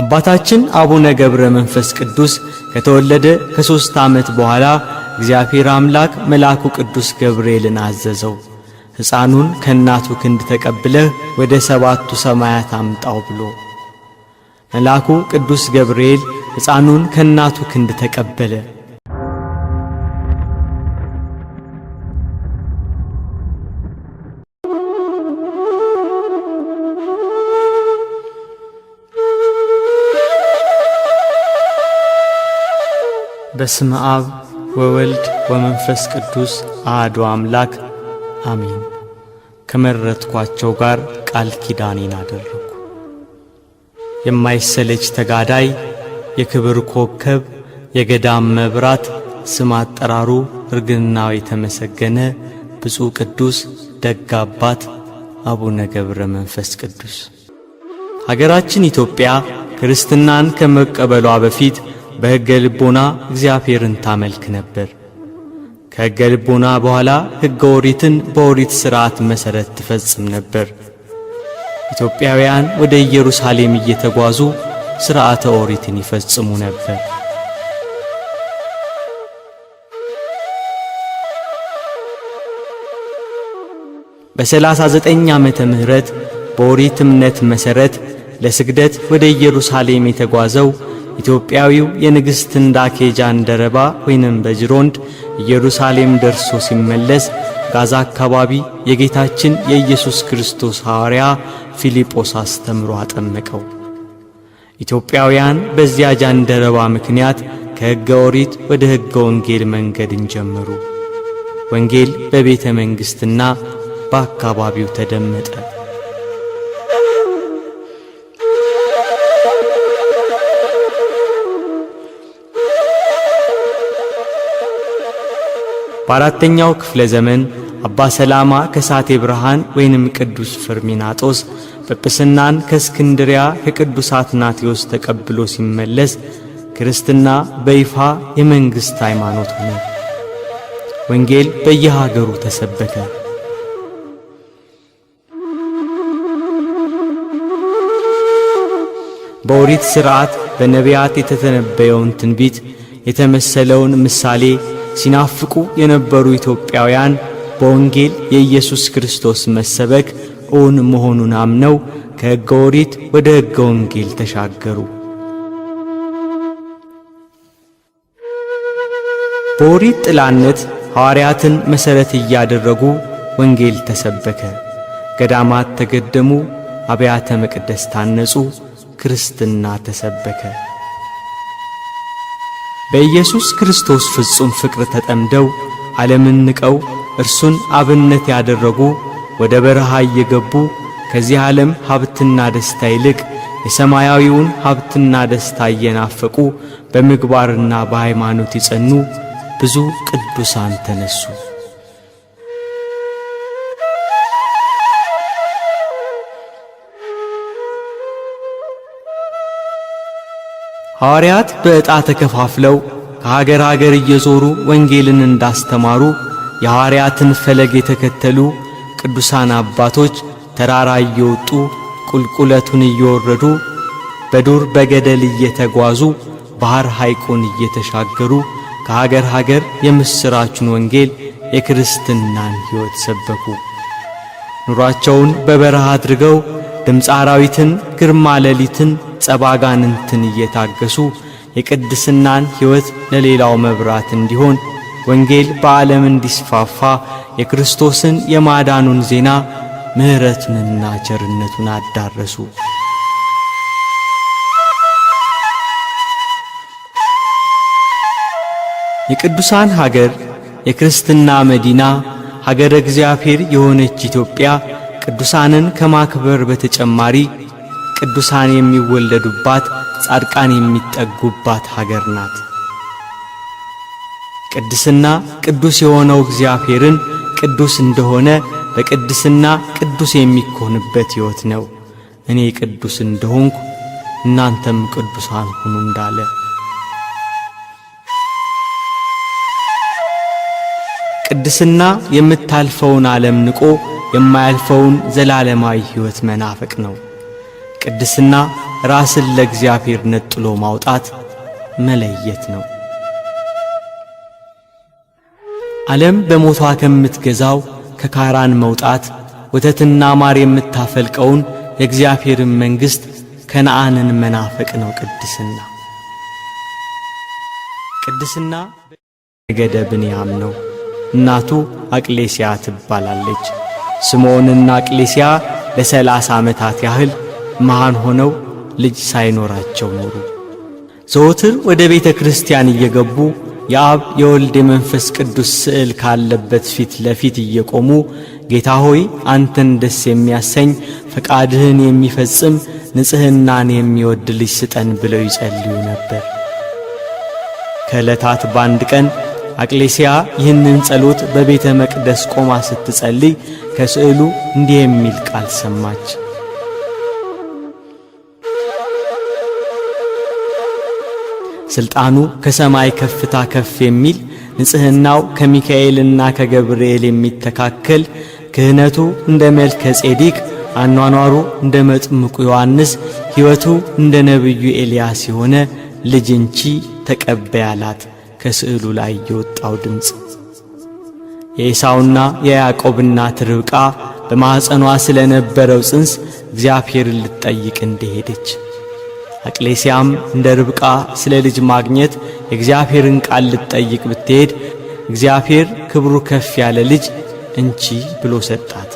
አባታችን አቡነ ገብረ መንፈስ ቅዱስ ከተወለደ ከሦስት ዓመት በኋላ እግዚአብሔር አምላክ መልአኩ ቅዱስ ገብርኤልን አዘዘው፣ ሕፃኑን ከእናቱ ክንድ ተቀብለህ ወደ ሰባቱ ሰማያት አምጣው ብሎ። መልአኩ ቅዱስ ገብርኤል ሕፃኑን ከእናቱ ክንድ ተቀበለ። በስመ አብ ወወልድ ወመንፈስ ቅዱስ አሐዱ አምላክ አሜን። ከመረጥኳቸው ጋር ቃል ኪዳኔን አደረግኩ። የማይሰለች ተጋዳይ፣ የክብር ኮከብ፣ የገዳም መብራት፣ ስም አጠራሩ እርግናው የተመሰገነ ብፁዕ ቅዱስ ደግ አባት አቡነ ገብረ መንፈስ ቅዱስ ሀገራችን ኢትዮጵያ ክርስትናን ከመቀበሏ በፊት በሕገ ልቦና እግዚአብሔርን ታመልክ ነበር። ከሕገ ልቦና በኋላ ሕገ ኦሪትን በኦሪት ሥርዓት መሠረት ትፈጽም ነበር። ኢትዮጵያውያን ወደ ኢየሩሳሌም እየተጓዙ ሥርዓተ ኦሪትን ይፈጽሙ ነበር በሰላሳ ዘጠኝ ዓመተ ምሕረት በኦሪት እምነት መሠረት ለስግደት ወደ ኢየሩሳሌም የተጓዘው ኢትዮጵያዊው የንግሥት እንዳኬ ጃንደረባ ወይንም በጅሮንድ ኢየሩሳሌም ደርሶ ሲመለስ ጋዛ አካባቢ የጌታችን የኢየሱስ ክርስቶስ ሐዋርያ ፊልጶስ አስተምሮ አጠመቀው። ኢትዮጵያውያን በዚያ ጃንደረባ ምክንያት ከሕገ ኦሪት ወደ ሕገ ወንጌል መንገድን ጀመሩ። ወንጌል በቤተ መንግሥትና በአካባቢው ተደመጠ። በአራተኛው ክፍለ ዘመን አባ ሰላማ ከሳቴ ብርሃን ወይንም ቅዱስ ፍርሚናጦስ ጵጵስናን ከእስክንድሪያ ከቅዱስ አትናቴዎስ ተቀብሎ ሲመለስ ክርስትና በይፋ የመንግሥት ሃይማኖት ሆነ። ወንጌል በየሀገሩ ተሰበከ። በኦሪት ሥርዓት በነቢያት የተተነበየውን ትንቢት የተመሰለውን ምሳሌ ሲናፍቁ የነበሩ ኢትዮጵያውያን በወንጌል የኢየሱስ ክርስቶስ መሰበክ እውን መሆኑን አምነው ከሕገ ኦሪት ወደ ሕገ ወንጌል ተሻገሩ። በኦሪት ጥላነት ሐዋርያትን መሠረት እያደረጉ ወንጌል ተሰበከ። ገዳማት ተገደሙ፣ አብያተ መቅደስ ታነጹ፣ ክርስትና ተሰበከ። በኢየሱስ ክርስቶስ ፍጹም ፍቅር ተጠምደው ዓለምን ንቀው እርሱን አብነት ያደረጉ ወደ በረሃ እየገቡ ከዚህ ዓለም ሀብትና ደስታ ይልቅ የሰማያዊውን ሀብትና ደስታ እየናፈቁ በምግባርና በሃይማኖት የጸኑ ብዙ ቅዱሳን ተነሱ። ሐዋርያት በዕጣ ተከፋፍለው ከሀገር ሀገር እየዞሩ ወንጌልን እንዳስተማሩ የሐዋርያትን ፈለግ የተከተሉ ቅዱሳን አባቶች ተራራ እየወጡ ቁልቁለቱን እየወረዱ በዱር በገደል እየተጓዙ ባሕር ሐይቁን እየተሻገሩ ከሀገር ሀገር የምሥራቹን ወንጌል የክርስትናን ሕይወት ሰበኩ። ኑሯቸውን በበረሃ አድርገው ድምፀ አራዊትን፣ ግርማ ሌሊትን ጸባጋንንትን እየታገሱ የቅድስናን ሕይወት ለሌላው መብራት እንዲሆን ወንጌል በዓለም እንዲስፋፋ የክርስቶስን የማዳኑን ዜና ምሕረቱንና ቸርነቱን አዳረሱ። የቅዱሳን ሀገር የክርስትና መዲና ሀገረ እግዚአብሔር የሆነች ኢትዮጵያ ቅዱሳንን ከማክበር በተጨማሪ ቅዱሳን የሚወለዱባት፣ ጻድቃን የሚጠጉባት ሀገር ናት። ቅድስና ቅዱስ የሆነው እግዚአብሔርን ቅዱስ እንደሆነ በቅድስና ቅዱስ የሚኮንበት ሕይወት ነው። እኔ ቅዱስ እንደሆንኩ እናንተም ቅዱሳን ሁኑ እንዳለ ቅድስና የምታልፈውን ዓለም ንቆ የማያልፈውን ዘላለማዊ ሕይወት መናፈቅ ነው። ቅድስና ራስን ለእግዚአብሔር ነጥሎ ማውጣት መለየት ነው። ዓለም በሞቷ ከምትገዛው ከካራን መውጣት ወተትና ማር የምታፈልቀውን የእግዚአብሔርን መንግሥት ከነአንን መናፈቅ ነው። ቅድስና ቅድስና ነገደ ብንያም ነው። እናቱ አቅሌስያ ትባላለች። ስምዖንና አቅሌስያ ለሰላሳ ዓመታት ያህል መሃን ሆነው ልጅ ሳይኖራቸው ኖሩ። ዘወትር ወደ ቤተ ክርስቲያን እየገቡ የአብ የወልድ የመንፈስ ቅዱስ ስዕል ካለበት ፊት ለፊት እየቆሙ ጌታ ሆይ አንተን ደስ የሚያሰኝ ፈቃድህን የሚፈጽም ንጽሕናን የሚወድ ልጅ ስጠን ብለው ይጸልዩ ነበር። ከዕለታት በአንድ ቀን አቅሌስያ ይህንን ጸሎት በቤተ መቅደስ ቆማ ስትጸልይ ከስዕሉ እንዲህ የሚል ቃል ሰማች። ስልጣኑ ከሰማይ ከፍታ ከፍ የሚል ንጽህናው ከሚካኤልና ከገብርኤል የሚተካከል ክህነቱ እንደ መልከ ጼዴቅ አኗኗሩ እንደ መጥምቁ ዮሐንስ ሕይወቱ እንደ ነቢዩ ኤልያስ የሆነ ልጅ እንቺ ተቀበያላት ከስዕሉ ላይ የወጣው ድምፅ የኤሳውና የያዕቆብ እናት ርብቃ በማኅፀኗ ስለ ነበረው ጽንስ እግዚአብሔርን ልትጠይቅ እንደሄደች አቅሌሲያም እንደ ርብቃ ስለ ልጅ ማግኘት የእግዚአብሔርን ቃል ልትጠይቅ ብትሄድ እግዚአብሔር ክብሩ ከፍ ያለ ልጅ እንቺ ብሎ ሰጣት።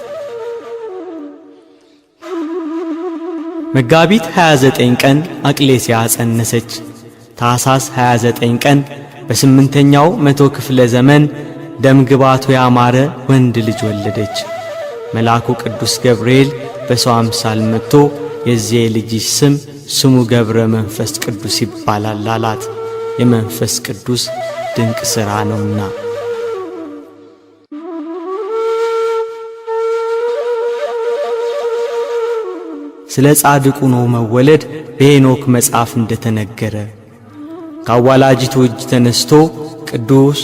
መጋቢት 29 ቀን አቅሌሲያ ጸነሰች። ታሳስ 29 ቀን በስምንተኛው መቶ ክፍለ ዘመን ደምግባቱ ያማረ ወንድ ልጅ ወለደች። መልአኩ ቅዱስ ገብርኤል በሰው አምሳል መጥቶ የዚያ ልጅሽ ስም ስሙ ገብረ መንፈስ ቅዱስ ይባላል አላት። የመንፈስ ቅዱስ ድንቅ ሥራ ነውና ስለ ጻድቁ ነው መወለድ በሄኖክ መጽሐፍ እንደተነገረ ከአዋላጅቱ እጅ ተነስቶ ቅዱስ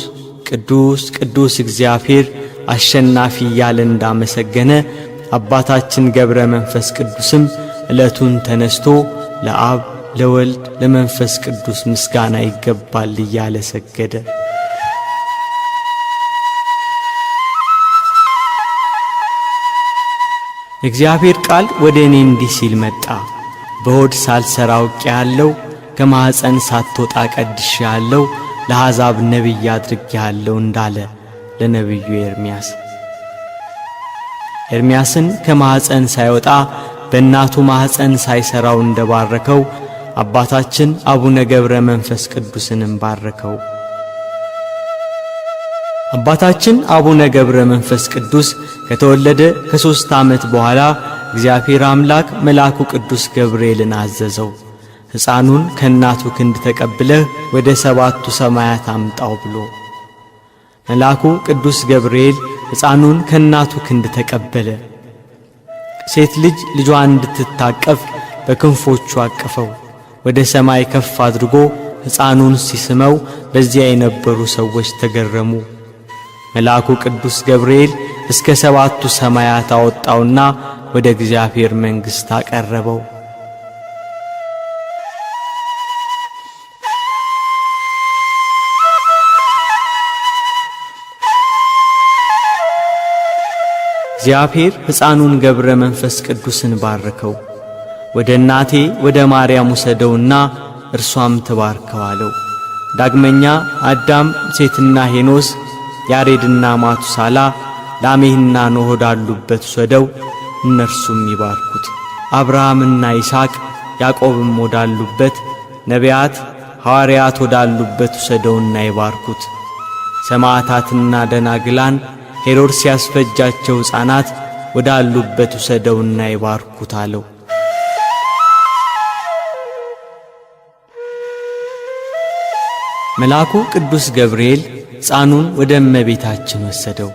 ቅዱስ ቅዱስ እግዚአብሔር አሸናፊ እያለ እንዳመሰገነ አባታችን ገብረ መንፈስ ቅዱስም ዕለቱን ተነስቶ ለአብ ለወልድ ለመንፈስ ቅዱስ ምስጋና ይገባል እያለ ሰገደ። የእግዚአብሔር ቃል ወደ እኔ እንዲህ ሲል መጣ። በሆድ ሳልሰራ አውቄ ያለው ከማኅፀን ሳትወጣ ቀድሽ ያለው ለአሕዛብ ነቢይ አድርጌ ያለው እንዳለ ለነቢዩ ኤርምያስ ኤርምያስን ከማኅፀን ሳይወጣ በእናቱ ማኅፀን ሳይሠራው እንደ ባረከው አባታችን አቡነ ገብረ መንፈስ ቅዱስንም ባረከው። አባታችን አቡነ ገብረ መንፈስ ቅዱስ ከተወለደ ከሦስት ዓመት በኋላ እግዚአብሔር አምላክ መልአኩ ቅዱስ ገብርኤልን አዘዘው፣ ሕፃኑን ከእናቱ ክንድ ተቀብለህ ወደ ሰባቱ ሰማያት አምጣው ብሎ። መልአኩ ቅዱስ ገብርኤል ሕፃኑን ከእናቱ ክንድ ተቀበለ። ሴት ልጅ ልጇ እንድትታቀፍ በክንፎቹ አቅፈው ወደ ሰማይ ከፍ አድርጎ ሕፃኑን ሲስመው በዚያ የነበሩ ሰዎች ተገረሙ። መልአኩ ቅዱስ ገብርኤል እስከ ሰባቱ ሰማያት አወጣውና ወደ እግዚአብሔር መንግሥት አቀረበው። እግዚአብሔር ሕፃኑን ገብረ መንፈስ ቅዱስን ባረከው። ወደ እናቴ ወደ ማርያም ውሰደውና እርሷም ትባርከው አለው። ዳግመኛ አዳም፣ ሴትና ሄኖስ፣ ያሬድና ማቱሳላ፣ ላሜህና ኖህ ወዳሉበት ውሰደው እነርሱም ይባርኩት። አብርሃምና ይስሐቅ ያዕቆብም ወዳሉበት ነቢያት ሐዋርያት ወዳሉበት ውሰደውና ይባርኩት። ሰማዕታትና ደናግላን ሄሮድስ ያስፈጃቸው ሕፃናት ወዳሉበት ውሰደውና ይባርኩት አለው። መልአኩ ቅዱስ ገብርኤል ሕፃኑን ወደ እመቤታችን ወሰደው።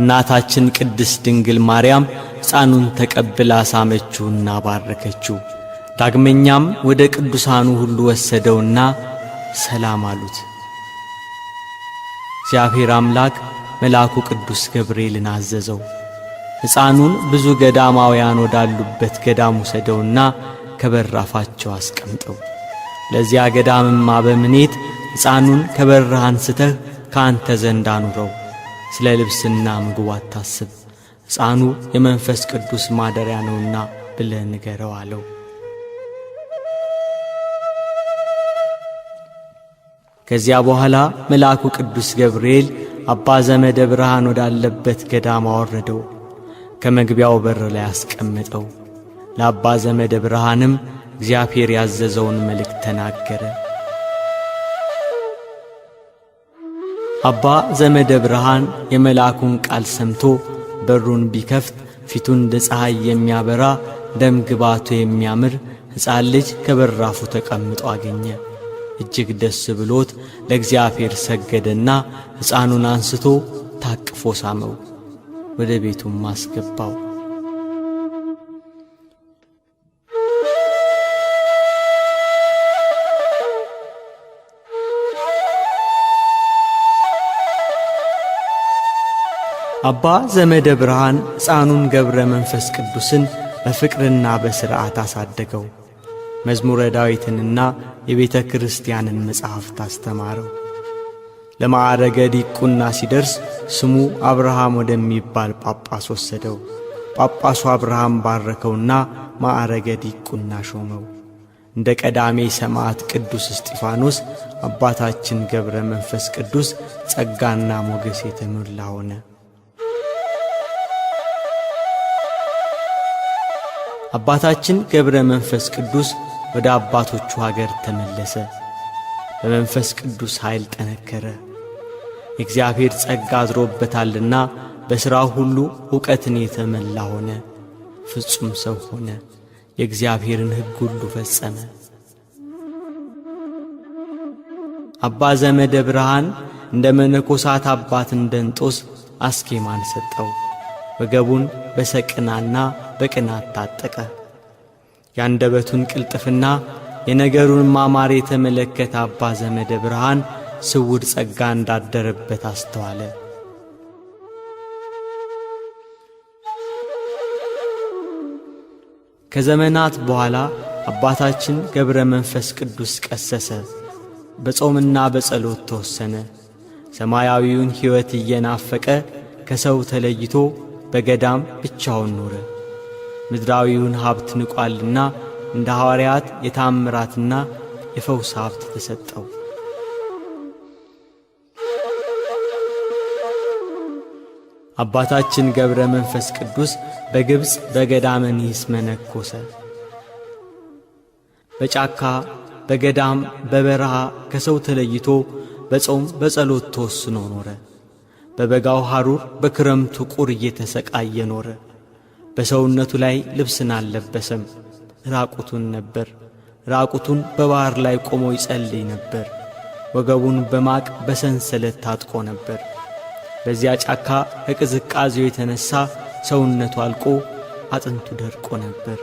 እናታችን ቅድስት ድንግል ማርያም ሕፃኑን ተቀብላ ሳመችውና ባረከችው። ዳግመኛም ወደ ቅዱሳኑ ሁሉ ወሰደውና ሰላም አሉት። እግዚአብሔር አምላክ መልአኩ ቅዱስ ገብርኤልን አዘዘው። ሕፃኑን ብዙ ገዳማውያን ወዳሉበት ገዳም ውሰደውና ከበራፋቸው አስቀምጠው። ለዚያ ገዳምማ በምኔት ሕፃኑን ከበርህ አንስተህ ከአንተ ዘንድ አኑረው። ስለ ልብስና ምግቡ አታስብ፣ ሕፃኑ የመንፈስ ቅዱስ ማደሪያ ነውና ብለህ ንገረው አለው። ከዚያ በኋላ መልአኩ ቅዱስ ገብርኤል አባ ዘመደ ብርሃን ወዳለበት ገዳም አወረደው፣ ከመግቢያው በር ላይ አስቀመጠው። ለአባ ዘመደ ብርሃንም እግዚአብሔር ያዘዘውን መልእክት ተናገረ። አባ ዘመደ ብርሃን የመልአኩን ቃል ሰምቶ በሩን ቢከፍት ፊቱን እንደ ፀሐይ የሚያበራ ደም ግባቱ የሚያምር ሕፃን ልጅ ከበራፉ ተቀምጦ አገኘ። እጅግ ደስ ብሎት ለእግዚአብሔር ሰገደና ሕፃኑን አንስቶ ታቅፎ ሳመው፣ ወደ ቤቱም አስገባው። አባ ዘመደ ብርሃን ሕፃኑን ገብረ መንፈስ ቅዱስን በፍቅርና በሥርዓት አሳደገው። መዝሙረ ዳዊትንና የቤተ ክርስቲያንን መጽሐፍት አስተማረው። ለማዕረገ ዲቁና ሲደርስ ስሙ አብርሃም ወደሚባል ጳጳስ ወሰደው። ጳጳሱ አብርሃም ባረከውና ማዕረገ ዲቁና ሾመው። እንደ ቀዳሜ ሰማዕት ቅዱስ እስጢፋኖስ አባታችን ገብረ መንፈስ ቅዱስ ጸጋና ሞገስ የተሞላ ሆነ። አባታችን ገብረ መንፈስ ቅዱስ ወደ አባቶቹ አገር ተመለሰ። በመንፈስ ቅዱስ ኃይል ጠነከረ። የእግዚአብሔር ጸጋ አድሮበታልና በሥራ ሁሉ ዕውቀትን የተመላ ሆነ። ፍጹም ሰው ሆነ። የእግዚአብሔርን ሕግ ሁሉ ፈጸመ። አባ ዘመደ ብርሃን እንደ መነኮሳት አባት እንደንጦስ አስኬማን ሰጠው። ወገቡን በሰቅናና በቅናት ታጠቀ። ያንደበቱን ቅልጥፍና የነገሩን ማማር የተመለከተ አባ ዘመደ ብርሃን ስውር ጸጋ እንዳደረበት አስተዋለ። ከዘመናት በኋላ አባታችን ገብረ መንፈስ ቅዱስ ቀሰሰ። በጾምና በጸሎት ተወሰነ። ሰማያዊውን ሕይወት እየናፈቀ ከሰው ተለይቶ በገዳም ብቻውን ኖረ። ምድራዊውን ሀብት ንቋልና እንደ ሐዋርያት የታምራትና የፈውስ ሀብት ተሰጠው። አባታችን ገብረ መንፈስ ቅዱስ በግብፅ በገዳመን ኒስ መነኮሰ። በጫካ በገዳም በበረሃ ከሰው ተለይቶ በጾም በጸሎት ተወስኖ ኖረ። በበጋው ሐሩር በክረምቱ ቁር እየተሰቃየ ኖረ። በሰውነቱ ላይ ልብስን አልለበሰም፣ ራቁቱን ነበር። ራቁቱን በባሕር ላይ ቆሞ ይጸልይ ነበር። ወገቡን በማቅ በሰንሰለት ታጥቆ ነበር። በዚያ ጫካ ከቅዝቃዜው የተነሣ ሰውነቱ አልቆ አጥንቱ ደርቆ ነበር።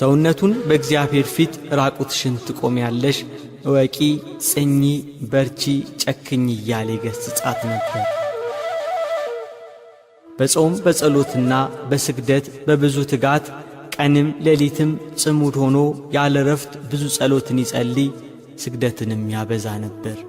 ሰውነቱን በእግዚአብሔር ፊት ራቁትሽን ትቆሚያለሽ፣ እወቂ፣ ጽኚ፣ በርቺ፣ ጨክኝ እያለ ይገሥጻት ነበር። በጾም በጸሎትና በስግደት በብዙ ትጋት ቀንም ሌሊትም ጽሙድ ሆኖ ያለ ረፍት ብዙ ጸሎትን ይጸልይ ስግደትንም ያበዛ ነበር።